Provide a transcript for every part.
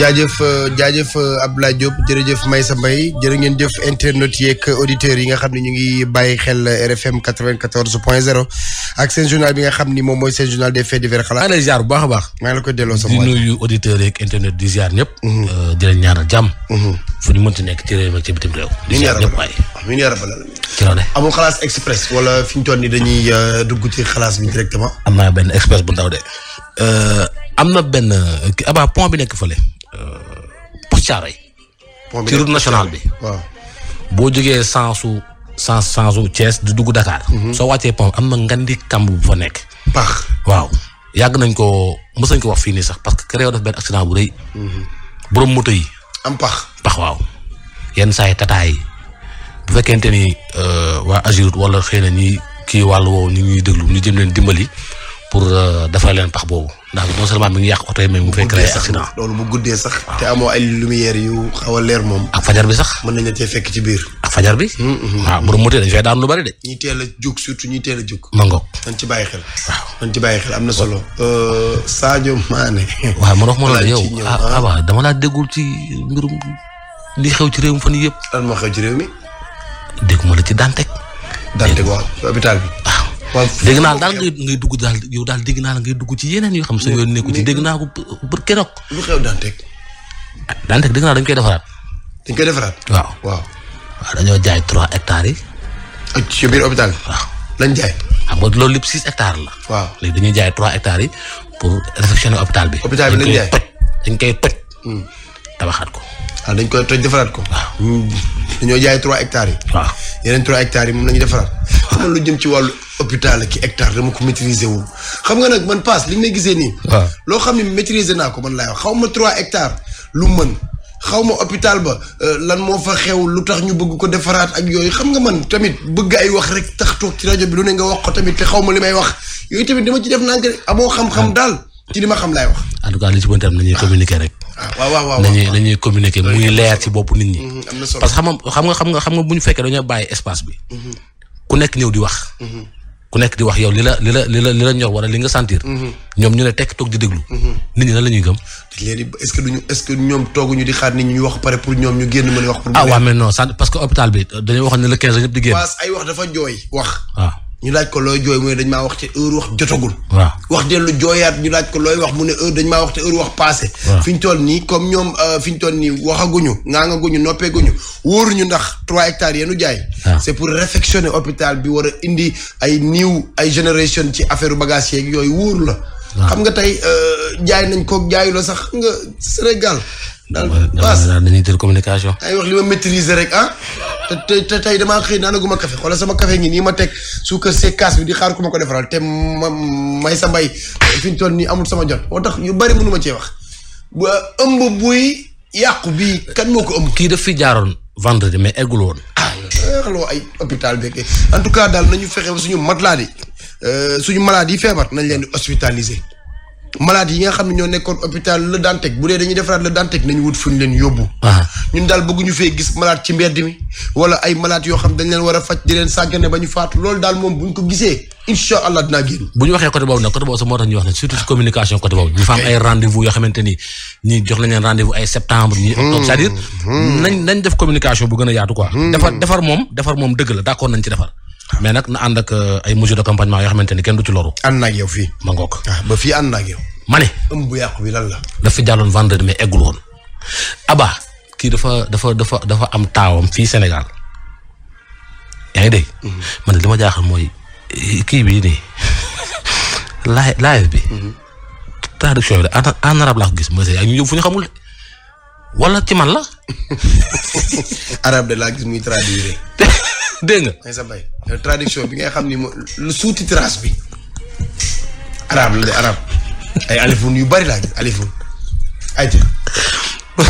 jaajëf euh, jaajëf euh, Abdoulaye Diop jërëjëf Maysa Mbaye jërë ngeen jëf internautes yeeg auditeurs yi nga xam ne ñu ngi bàyyi xel RFM 94 point 0 ak seen journal bi nga xam ni moom mooy seen journal des faits divers xalaat. maa ngi lay ziar bu baax a baax. maa ngi la koy delloo sa di nuyu auditeurs yeeg internet di ziar mhm. euh, mhm. nekk ci réew mi ci bitim réew. di mi ngi rafetlu mi ngi rafetlu. amul xalaas express wala fi ñu toll nii dañuy dugg ci xalaas bi directement. am naa benn express bu ndaw de am na benn Aba pont bi nekk fële Poutiaray. ci route nationale bi. boo jógee sensu sens sensu Thiès di dugg Dakar. Mhm. soo wàccee pont am na ngandi kamb bu fa nekk. pax waaw yàgg nañ ko mës nañ ko wax fii nii sax parce que keroog def benn accident bu rëy. Mhm. borom moto yi. am pax pax waaw. yenn saa yi tataa yi bu fekkente ni euh, waa Agirut wala xëy na ñi kii wàll woowu ñu ñuy déglu ñu jëm leen dimbali. pour euh, defar leen pax boobu ndax non seulement mi ngi yàq oto yi mais mu fay créer accident loolu bu guddee sax te amoo ay lumière yu xaw leer moom ak fajar bi sax mën nañ la cee fekk ci biir ak fajar bi mm, mm, mm. waaw bu motee dañ fay bari de ñuy teel a jóg surtout ñuy teel a jóg ma ngoog nañ ci bàyyi xel waaw nañ ci bàyyi xel am na solo euh, Sadio Mané waaw man wax moo la yow ah, ah waaw dama laa déggul ci mbirum li xew ci réew mi fan yëpp lan moo xew ci réew mi dégguma la ci Dantec Dantec hôpital bi ah, dégg naa daal ngay ngay dugg daal yow daal dégg naa la ngay dugg ci yeneen yoo xam sa yoon nekku ci dégg naa ko pour keroog. lu xew Dantec. Dantec dégg naa dañ koy defaraat. dañ koy defaraat. waaw waaw. waaw dañoo jaay trois hectares yi. ak ah, ci biir hôpital. waaw lañ jaay. xam nga loolu lépp six hectares la. waaw léegi dañuy jaay trois hectares yi pour réfectionner hôpital bi. hôpital bi lañ jaay dañ koy toj. Hmm. tabaxaat ko. waaw ah, dañ koy toj defaraat ko. waaw hmm. dañoo jaay trois hectares yi. waaw yeneen trois hectares yi moom la ñuy defaraat. lu jëm ci wàllu hôpital ki hectare dama ko maîtriser wul xam nga nag man paas li may gisee nii. waaw loo xam ne maîtriser naa ko man laay wax xaw ma trois hectares lu mën. xaw ma hôpital ba euh, lan moo fa xew lu tax ñu bëgg ko defaraat ak yooyu xam nga man tamit bëgg ay wax rek tax toog ci rajo bi lu ne nga wax ko tamit xaw ma li may wax yooyu tamit dama ci def naa amoo xam-xam ah. daal li ma xam laay en tout cas li ci mën tam nañuy ah. communiquer rek. Ah, waaw waaw waaw nañuy nañuy communiquer muy leer ci bopp nit ñi. Mm-hmm, am na xam nga xam nga xam nga bu ñu fekkee dañoo bàyyi espace bi. Mm-hmm. ku nekk ñëw di wax. Mm-hmm. ku nekk di wax yow li la li la li la ñor wala li nga sentir. Mhm. ñoom ñu ne tekk toog di déglu. Mhm. nit ñi lan la gëm. leen di est-ce que duñu est-ce que di xaar nit ñu wax pare pour ñoom ñu génn mën a wax. pour ah waaw mais non parce que hôpital bi dañoo wax ne le 15 ñëpp di génn. ay wax dafa jooy wax. waaw ah. ñu laaj ko looy jooy mu ne dañ maa wax ci heure wax jotagul. waaw wax dellu jooyaat ñu laaj ko looy wax mu ne heure dañ maa wax ci heure wax passé. fi ñu toll nii comme ñoom euh, fi ñu toll nii waxaguñu ŋaangaguñu noppeeguñu wóoruñu ndax trois hectares yenu jaay. Ah. c'est pour réfectionner hôpital bi war a indi ay niiw ay génération ci affaire bagage yeeg yooyu wóor la. Ah. xam nga tey euh, jaay nañ kook jaayu la sax nga Sénégal daal baas daal dañuy tër communication. ay wax li ma maîtriser rek ah te te tey damaa xëy naanaguma café xoola sama café ngi nii ma teg suukar see kaas bi di xaar ku ma ko defaral te ma may sa mbay fi ñu toll nii amul sama jot moo tax yu bari mënu ma cee wax ba ëmb buy yàqu bii kan moo ko ëmb. kii daf fi jaaroon vendredi mais eggul woon. ah xaloo ay hôpital beeg en tout cas daal nañu fexe suñu matelas yi euh, suñu malade yi feebar nañ leen di hospitaliser. malade yi nga xam ne ñoo nekkoon hôpital Le Dantec bu dee dañuy defaraat Le Dantec nañu wut fu ñu leen yóbbu. Ah. ñun daal bëgguñu fee gis malade ci mbedd mi wala ay malade yoo xam dañ leen war a faj di leen sàggane ba ñu faatu loolu daal moom buñ ko gisee incha allah dinaa génn. bu ñu waxee côté boobu nag côté boobu sax moo tax ñuy wax nag surtout ay rendez yoo xamante ni ñii jox nañ leen rendez ay septembre. ñii octobre hmm. cest hmm. nañ nañ def communication bu gën a yaatu quoi. Hmm. defar defar moom defar moom dëgg la d'accord nañ ci defar mais nag na ànd ak euh, ay mesures d'accompagnement yoo xamante ni kenn du ci loru. ànd naag yow fii. ma ngoog ah, ba fii ànd naag yow. ma bu yàqu bi lan la. dafa jàlloon vendredi mais eggul woon. kii dafa dafa dafa dafa am taawam fii Sénégal yaa ngi dégg. Mhm. li ma jaaxal mooy kii bii nii live live bi. Mhm. traduction de en arabe laa ko gis monsieur yaa ñu xamul wala ci man la. arabe de laa gis muy traduire. dégg nga. mais sa bi nga xam ni moom lu sous-titrage bi. arab la de arab ay alifun yu bari laa gis alifun ay ci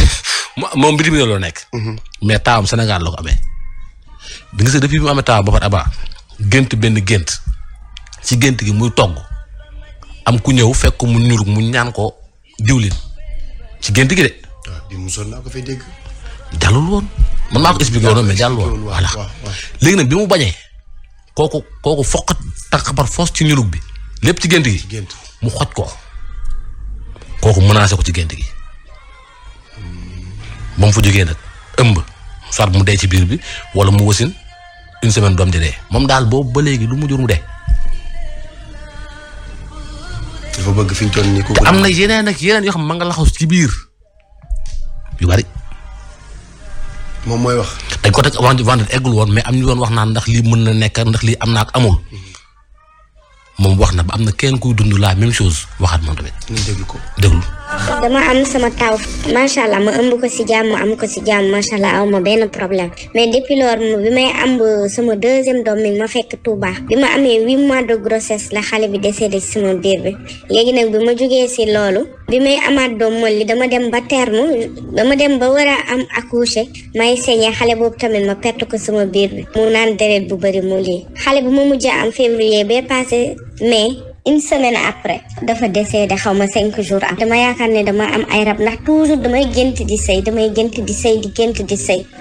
moom bitim réew la nekk. Mhm. mais taawam Sénégal la ko amee. bi nga se depuis bi mu amee taawam ba pare abaa gént benn gént ci gént gi muy togg am ku ñëw fekk mu ñur mu ñaan ko diwlin ci gént gi de. waaw di musoon naa ko fay dégg. jàllul won man mako expliquer non mais jàllul woon voilà léegi nak bimu bañé koku koku kooku foq takk par force ci ñulug bi lepp ci gënd gi mu xoj ko koku menacer ko ci gënd gi ba fu fa nak ëmb soit mu dé ci biir bi wala mu wosin une semaine dom di dé mom dal bo ba léegi lu mu jur mu dee. dafa bëgg fiñ ton ni ko amna yeneen ak yeneen yo xam ma nga laxaw ci biir yu bari. moom mooy wax. dañ ko teg wante vente eggul woon mais am ñu doon wax naa ndax lii mën na nekk ndax lii am na ak amul. Mm-hmm. moom wax na ba am na kenn kuy dund la même chose waxaat moom tamit. nañ mm-hmm. déglu ko déglu. dama am sama taw macha allah ma ëmb ko si jàmm am ko si jàmm macha allah aw ma benn problème mais depuis loolu bi may am sama deuxième doom mi ma fekk Touba bi ma amee huit mois de grossesse la xale bi décédé si sama biir bi léegi nag bi ma jógee si loolu bi may amaat doom molli dama dem ba terme dama dem ba war a am accouché may saigné xale boobu tamit ma perte ko sama biir bi mu naan deret bu bëri molli xale bi ma mujjee am février bee passé une semaine après dafa décédé xaw ma cinq jours am dama yaakaar ne dama am ay rab ndax toujours damay gént di sëy damay gént di sëy di gént di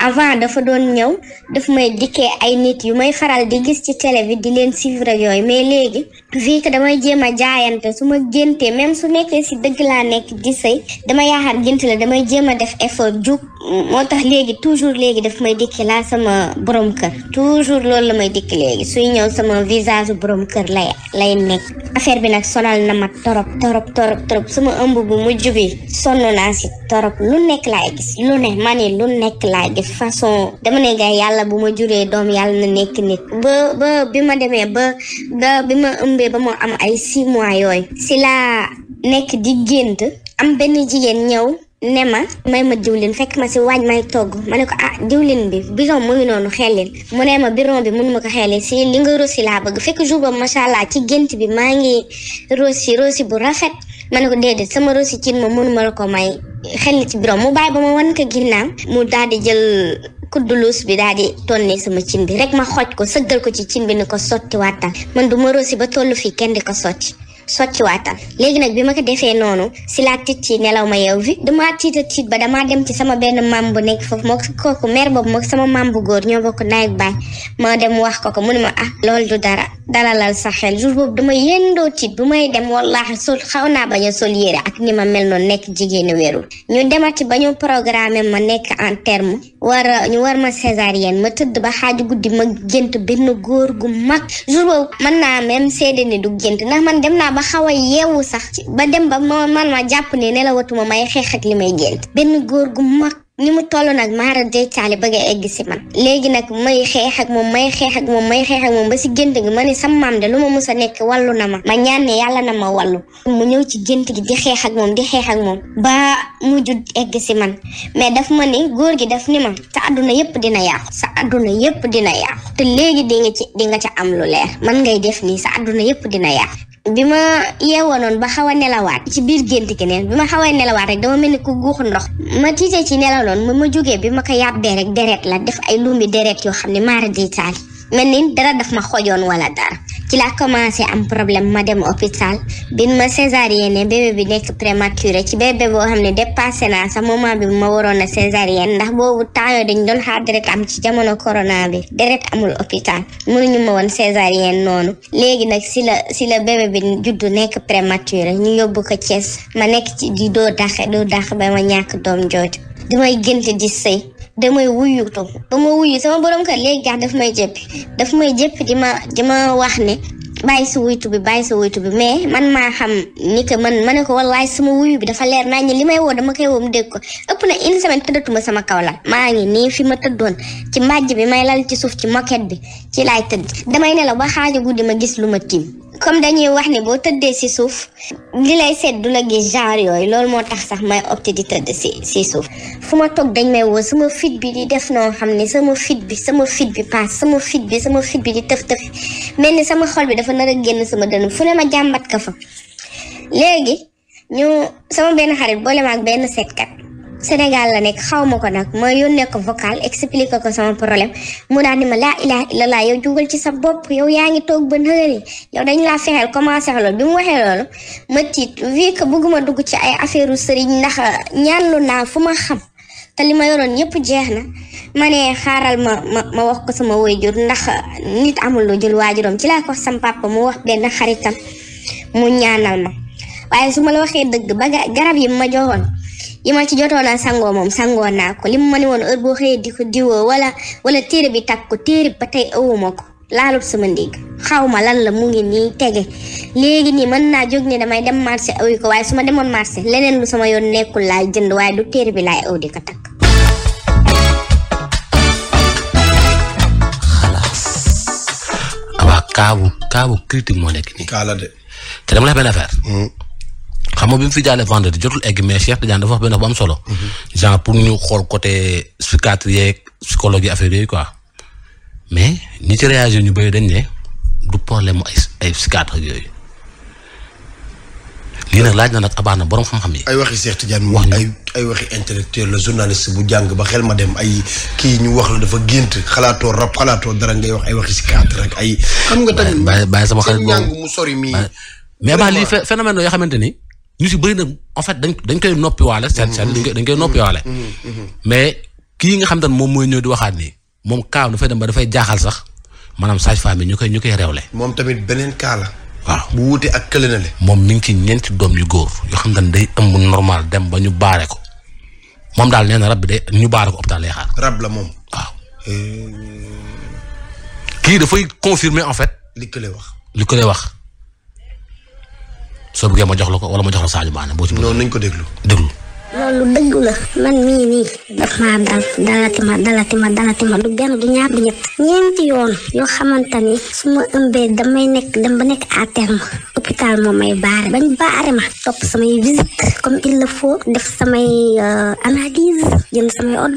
avant dafa doon ñëw daf may dikkee ay nit yu may faral di gis ci télé di leen suivre rek yooyu mais léegi vu que damay jéem a jaayante su ma géntee même su nekkee si dëgg laa nekk di sëy dama yaakaar gént la damay jéem a def effort jug moo tax léegi toujours léegi daf may dikki laa sama borom kër toujours loolu la may dikki léegi suy ñëw sama borom kër lay lay nekk affaire bi nag sonal na ma torop torop torop torop sama ëmb bu mujj bi sonn naa si torop lu nekk laay gis lu ne ma lu nekk laay gis façon dama ne gars yàlla bu ma juree doom yàlla na nekk nit ba ba bi ma demee ba ba bi ma ëmbee ba ma am ay six mois yooyu si laa nekk di gént am benn jigéen ñëw ne ma may ma diwlin fekk ma si waaj may togg ma ne ko ah diwlin bi bidon mu ngi noonu xelin mu ne ma bidon bi mënuma ko xelin si li nga rosi laa bëgg fekk jour ba macha ci gént bi maa ngi rosi rosi bu rafet ma ne ko déedéet sama rosi cin ma mënuma la ko may xel ci bidon mu bàyyi ba ma wan ko ginnaaw mu daal di jël kuddulus bi daal ton tonne sama cin bi rek ma xooj ko sëggal ko ci cin bi ni ko sotti wattal man du ma rosi ba tollu fii kenn di ko sotti socciwaatal léegi nag bi ma ko defee noonu si laa tiit ci nelaw ma yeew fi damaa tiita tiit ba damaa dem ci sama benn maam bu nekk foofu moo kooku mère boobu moo sama maam bu góor ñoo bokk naay ak baay ma dem wax ko ko mu ne ma ah loolu du dara dalalal sa xel jour boobu dama yendoo tiit bu may dem wallaahi sol xaw naa bañ a sol yére ak ni ma mel noonu nekk jigéenu wérul ñu demati ba ñu ma nekk en terme war ñu war ma césarienne ma tëdd ba xaaju guddi ma gént benn góor gu mag jour boobu mën naa même seede ni du gént ndax man dem naa ba xaw a yeewu sax ba dem ba ma man ma jàpp ne nelawatuma may xeex ak li may gént benn góor gu mag ni mu toll nag maara deytaali bëgg a egg si man léegi nag may xeex ak moom may xeex moom may xeex ak moom ba si gént gi ma ne sam maam de lu ma mus a nekk wàllu na ma ma ñaan yàlla na ma wàllu mu ñëw ci gént gi di xeex ak moom di xeex moom ba mujj egg si man mais daf ma ni góor gi daf ni ma sa àdduna yépp dina yàqu sa àdduna yépp dina yàqu te léegi di ci di nga ca am lu leer man ngay def nii sa àdduna yépp dina yàqu bi ma yeewoo noonu ba xaw a nelawaat ci biir gént keneen bi ma xaw a nelawaat rek dama mel ni ku guux ndox ma tiitee ci nelaw noonu ma ma jógee bi ma ko yàbbee rek deret la def ay luumi deret yoo xam ne maara day taal mel ni dara daf ma xojoon wala dara ci la commencé am problème ma dem hôpital bin ma césarienne bébé bi nekk prématuré ci bébé boo xam ne dépassé naa sa moment bi ma waroon a césarienne ndax boobu temps yoo dañ doon xaar deret am ci jamono corona bi deret amul hôpital mënuñu ma woon césarienne noonu léegi nag si la si la bébé bi juddu nekk prématuré ñu yóbbu ko Thiès ma nekk ci di doo daxe doo dax ba ma ñàkk doom jooju damay gënt di sëy damay wuyutu ba ma wuyu sama borom kër léegi daf may jëppi daf may jëppi di ma di ma wax ne bàyyi si wuytu bi bàyyi sa wuytu bi mais man maa xam ni que man ma ne ko wallaay sama wuyu bi dafa leer naa ñi li may woo dama koy woo mu dégg ko ëpp na une semaine tëddatuma sama kaw maa ngi nii fi ma tëddoon ci màjj bi may lal ci suuf ci moquette bi ci laay tëdd damay ne la ba xaaju guddi ma gis lu ma tiim comme dañuy wax ne boo tëddee si suuf li lay seet du la gis genre yooyu loolu moo tax sax may opté di si si suuf fu ma toog dañ may sama fit bi di def noo xam ne sama fit bi sama fit bi sama fit bi sama fit bi di tëf tëf mel ni sama xol bi dafa nar a génn sama dënn fu ne ma jàmbat ka fa léegi ñu sama benn xarit boole ma ak benn seetkat Sénégal la nekk xaw ma ko nag ma yónnee ko vocal expliqué ko sama problème mu daal di ma laa ilaha illallah yow jugal ci sa bopp yow yaa ngi toog ba nëgëri yow dañ laa fexeel commencé loolu bi mu waxee loolu ma tiit vu que bëgguma dugg ci ay affaire u sëriñ ndax ñaanlu naa fu ma xam tali ma yoron ñepp jeexna mané ma xaaral ma ma wax ko sama wayjur ndax nit amul lu jël wajurom ci la ko sam papa mu wax ben xaritam mu ñaanal ma waye suma la waxe deug ba garab yi ma joxon yi ma ci jotoon a ko lim ma heure bo xey di ko wala wala téré bi takku téré patay awumako lalut sama ndig xawma lan la mu ngi ni tege legi ni man na jóg ne damay dem marché awi ko waaye suma demone marché leneen lu sama yon nekul lay jënd waaye du téré bi lay awdi ko tak cas bu cas bu critique moo nekk nii. C'est la de. te dama la affaire. Hmm. xam fi vendredi jotul egg mais Cheikh Tidiane dafa wax benn bu am solo. Hmm. genre pour ñu côté psychiatre yeeg psychologue affaire quoi mais nous je réagir ñu bëri dañ pas du problème lii nag laaj na nag abaana borom xam-xam yi. ay waxi Cheikh Tidiane wax ay ay waxi la bu jàng ba xel ma dem ay ñu wax la dafa gént xalaatoo rab xalaatoo dara ngay wax ay waxi si cadre xam nga tamit bàyyi sama xarit boobu mu mais ba lii phénomène yoo xamante ni ñu si bëri na en dañ dañ koy noppiwaale. cest à dañ koy noppiwaale. Mm-hmm, mm-hmm, mm-hmm. mais kii nga xam ne moom mooy ñëw di waxaat nii moom kaaw dafay dem ba dafay jaaxal sax maanaam sage-femme yi ñu koy ñu koy réewle. moom tamit beneen kaa la waaw bu wuute ak kële na le moom mi ngi ci ñeenti doom yu góor yoo xam ne day ëmb normal dem ba ñu baare ko moom daal nee rab bi day ñu baare ko hôpital lay xaar. rab la moom. waaw. Euh, kii dafay confirmer en fait. li kële wax li kële wax. soo bëggee ma jox la ko wala ma jox la Sadio Mané boo ci. non nañ ko déglu déglu. loolu dëggu la man mii nii daf maa dal dalati ma dalati ma dalati ma du benn du ñaar ñett ñeenti yoon yoo xamante ni su ma ëmbee damay nekk dem ba nekk à terme hôpital moom may baare bañ baare ma topp samay visite comme il le faut samay euh, analyse जिनसे और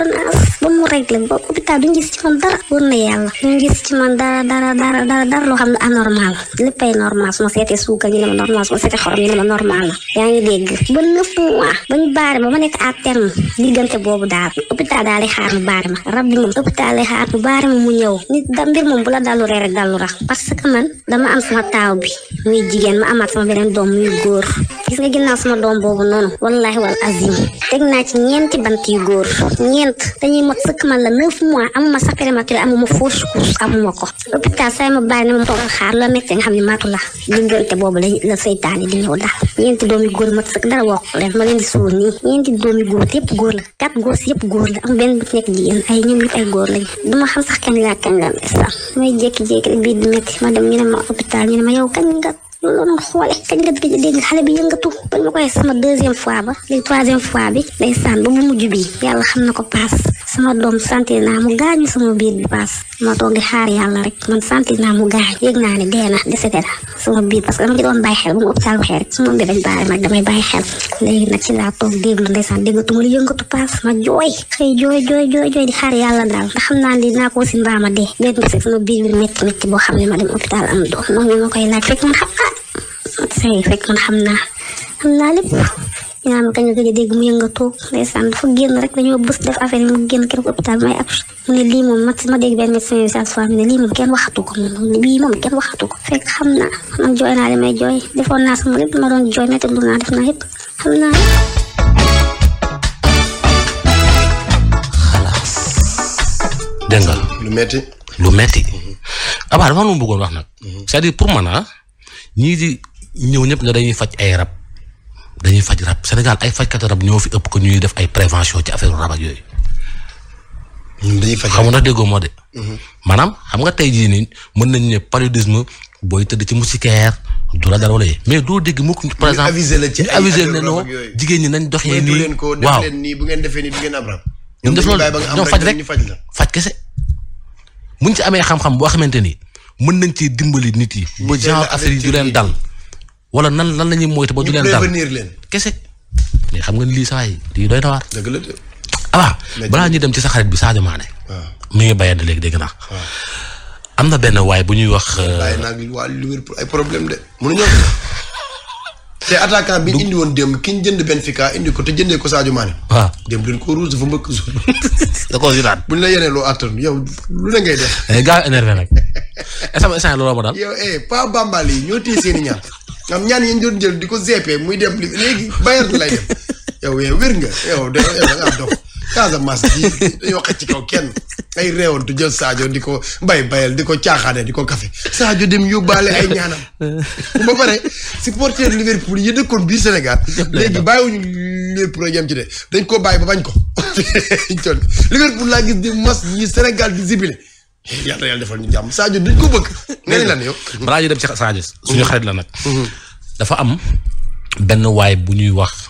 वो मुरे गलम को कुपिता दुन जिस चमंदर उन याल दुन जिस चमंदर dar dar dar dar lo ham anormal leppay normal suma sété suuka ñu normal semua sété xorom ñu la normal yaa ngi dégg ba neuf mois bañ baare ma ma nekk à terme diggante boobu daal hôpital daal di xaar mu baare ma rab bi moom hôpital di xaar mu baare ma mu ñëw nit da mbir moom bu la dalu ree rek dalu rax parce que man dama am sama tahu bi muy jigéen ma amaat sama beneen dom muy góor gis nga ginnaaw sama doom boobu wallahi wal azim teg naa ci ñeenti bant yu ñeent dañuy mot sëkk man la neuf mois amuma sax prématuré amuma fausse amuma ko hôpital say ma bàyyi ne ma toog xaar la métti nga xam ne maatu la diggante boobu la seytaane di ñëw daal ñeenti doomi góor mot sëkk dara wokk leen ma leen di suur nii doomi góor yëpp góor la quatre góor yëpp góor la am benn bu ci nekk jigéen ay ñoom yëpp ay góor lañ duma xam sax kañ laa kañ la sa may jékki-jékki rek biir di métti ma dem ñu a ma hôpital ñu ne kañ nga non noonu xool ak kañ nga gëj a xalé bi yëngatu bañ ñu koy sama deuxième fois ba léegi troisième fois bi day san bu mu mujju bi yalla xam na ko paas sama dom santé na mu gañu sama biir bi pass ma to di xaar yalla rek man santé na mu gañ yëg na ne déna de cetera sama biir parce que dama ngi doon bay xel bu mu sal xel rek su ma dañ baay nak damay bay xel légui nak ci la tok laa toog déglu ndeysaan déggatuma li yëngatu pass ma joy xey joy joy joy joy di xaar yalla dal ndax xam naa ne naa ko si mbaama dee benn sama biir bi metti metti bo xam ma dem hôpital am do moom ñu ma koy laaj rek man xam say fekk man xam naa xam naa lépp ma nga a dégg mu yëngatu ndeysaan dafa def affaire ne lii moom ma dégg benn médecin bi saa su ne lii ko moom lii moom kenn waxatu ma def naa yëpp xam naa xalaas dégg nga wax nag c'est-à-dire pour man ñii di ñëw ñëpp ne dañuy faj ay rab dañuy faj rab Sénégal ay fajkat rab ñoo fi ëpp ko ñuy def ay prévention ci affaire rab ak yooyu. dañuy faj xam nga déggoo moo de. Mhm. maanaam xam nga tey jii nii mën nañu ne paludisme booy tëdd ci moustiquaire du la dara wala mais doo dégg mukk la ci avisé ne non jigéen ñi nañ doxee nii waaw bu ngeen defee nii du ngeen am rab. ñoom def loolu ñoom faj rek faj kese buñ ci amee xam-xam boo xamante ni mën nañ ci dimbali nit yi. ba genre affaire yi du leen dal. wala nan lan la ñuy moytu ba du leen dal leen kese mais xam nga ni lii saa yi lii doy na waar. dëgg la ah balaa ñuy dem ci sa xarit bi Sadio Mané. Ah. mi ngi bàyyi léegi dégg naa. Ah. am na benn waay bu ñuy wax. waaye euh, naa ngi waa Liverpool ay problème de mënuñoo. te attaquant bi indi woon démb ki ñu jënd Benfica indi ko te jëndee ko Sadio Mané. waaw démb dañ ko ruus dafa mbëkk suuf. da bu ñu buñ la yenee loo attan yow lu la ngay def. Eh, gaaw énervé nag instant instant looloo ma daal. yow eh pas bambal yi ñoo téye seen i ñaan ñoom ñaan yi ñu doon jël di ko zeppee muy dem léegi Bayern lay dem yow eh wér nga yow da nga Casamance ji dañoo xëcc ci kaw kenn ay réewantu jël Sadio di ko bay bayal di ko caaxaane di ko kafe Sadio dem baale ay ñaanam ba pare supporter Liverpool yi dëkkoon biir Sénégal léegi bàyyiwuñu Liverpool yem dañ ko bàyyi ba bañ ko Liverpool laa gis di mas yi Sénégal di zibilé eh, yàlla yàlla defal ñu jàmm Sadio dañ ko bëgg nga lan yow balaa dem ci Sadio suñu xarit la nag mm-hmm. dafa am benn waay bu ñuy wax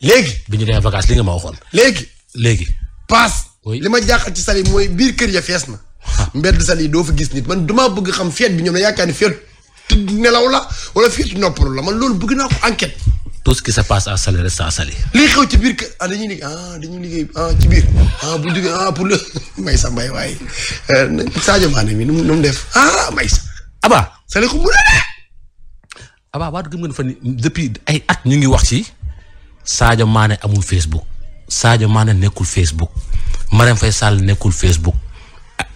léegi biñu ñu demee vacances li nga ma waxon léegi léegi. pass li ma jàqal ci sali moy bir keur ya fessna mbedd sali do fa gis nit man duma bëgg xam fiet bi ñom na yaakaar fiet nelaw la wala fiet noppalu la man lool bëgg na ko enquête. tout ce qui se passe à sali resta à Saly. li xew ci bir keur dañu ah, dañuy ah dañu liggéey ah ci bir ah bu dugg ah pour le may sa may way euh Sadio Mané mi num num def ah may sa Aba sali ko mu la Aba ba du gëm fa ni depuis ay at ñu ngi wax ci. Sadio maane amul Facebook Sadio Mané nekkul Facebook Marème Faye Sall nekkul Facebook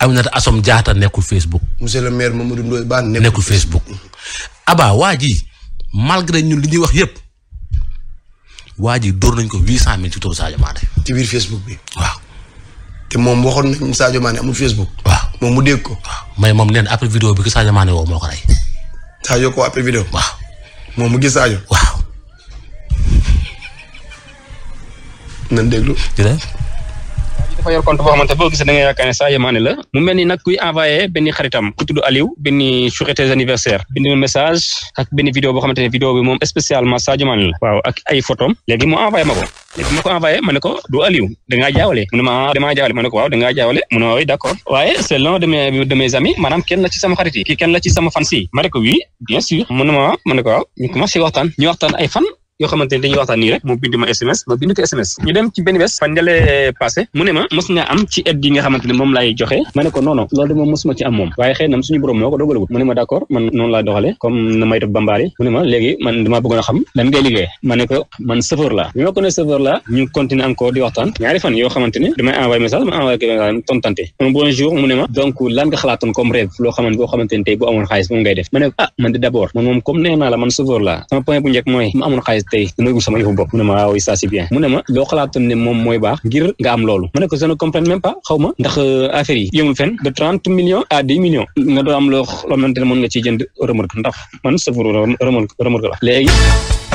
Aminata Assome Diatta nekkul Facebook. monsieur le maire Mamadou Ndoye Bane nekkul Facebook. Aba waa ji malgré ñun li ñuy wax yëpp waa ji dóor nañ ko huit cent mille ci turu Sadio ci biir Facebook bi. waaw. te moom waxoon nañ Sadio Mané amul Facebook. waaw moom mu dégg ko. waaw moom nen na après bi ki Sadio Mané woo moo ko rey. Sadio ko après vidéo. waaw moom mu gis Sadio. waaw. nañ déglu. dafa yor compte boo xamante boo gisee da ngay yaakaar ne Sadio Mané la mu mel ni nag kuy envoyé benn xaritam ku tudd Aliou benn souhaité anniversaire bind message ak benn vidéo boo xamante ne vidéo bi moom spécialement Sadio Mané la waaw ak ay photom envoyé ma ko léegi ma ko envoyé ma du Aliou da ngaa jaawale ma ah, damaa jaawale ma ne ko waaw da ngaa jaawale mu ne c'est l'un de mes de mes amis sama xarit yi kii kenn la yoo xamante ne waxtaan nii rek mu bind ma SMS ma bind ko SMS ñu dem ci benn bés fan nga lee passé ma mos ma ci am moom waaye xëy ma ne ko man chauffeur laa bi ma ko ne chauffeur laa ñu continuer encore di waxtaan ñaari fan yoo xamante damay envoyé message ma envoyé ko message tontante un bon jour ma donc lan nga xalaatoon comme rêve loo xamante boo xamante tey bu amoon xaalis moom ma ne ko ah man de d'abord man moom comme nee naa la man chauffeur laa sama université damay ut sama yëfu bopp mu ne ma waaw ça c'est bien mu ne ma loo xalaatoon moom mooy baax ngir nga am loolu ma ne ko je pas xaw ndax euh, affaire yi yëmul de trente millions à dix millions nga doo am loo xamante ne mën nga ciy jënd remorque ndax man safur remorque remorque la léegi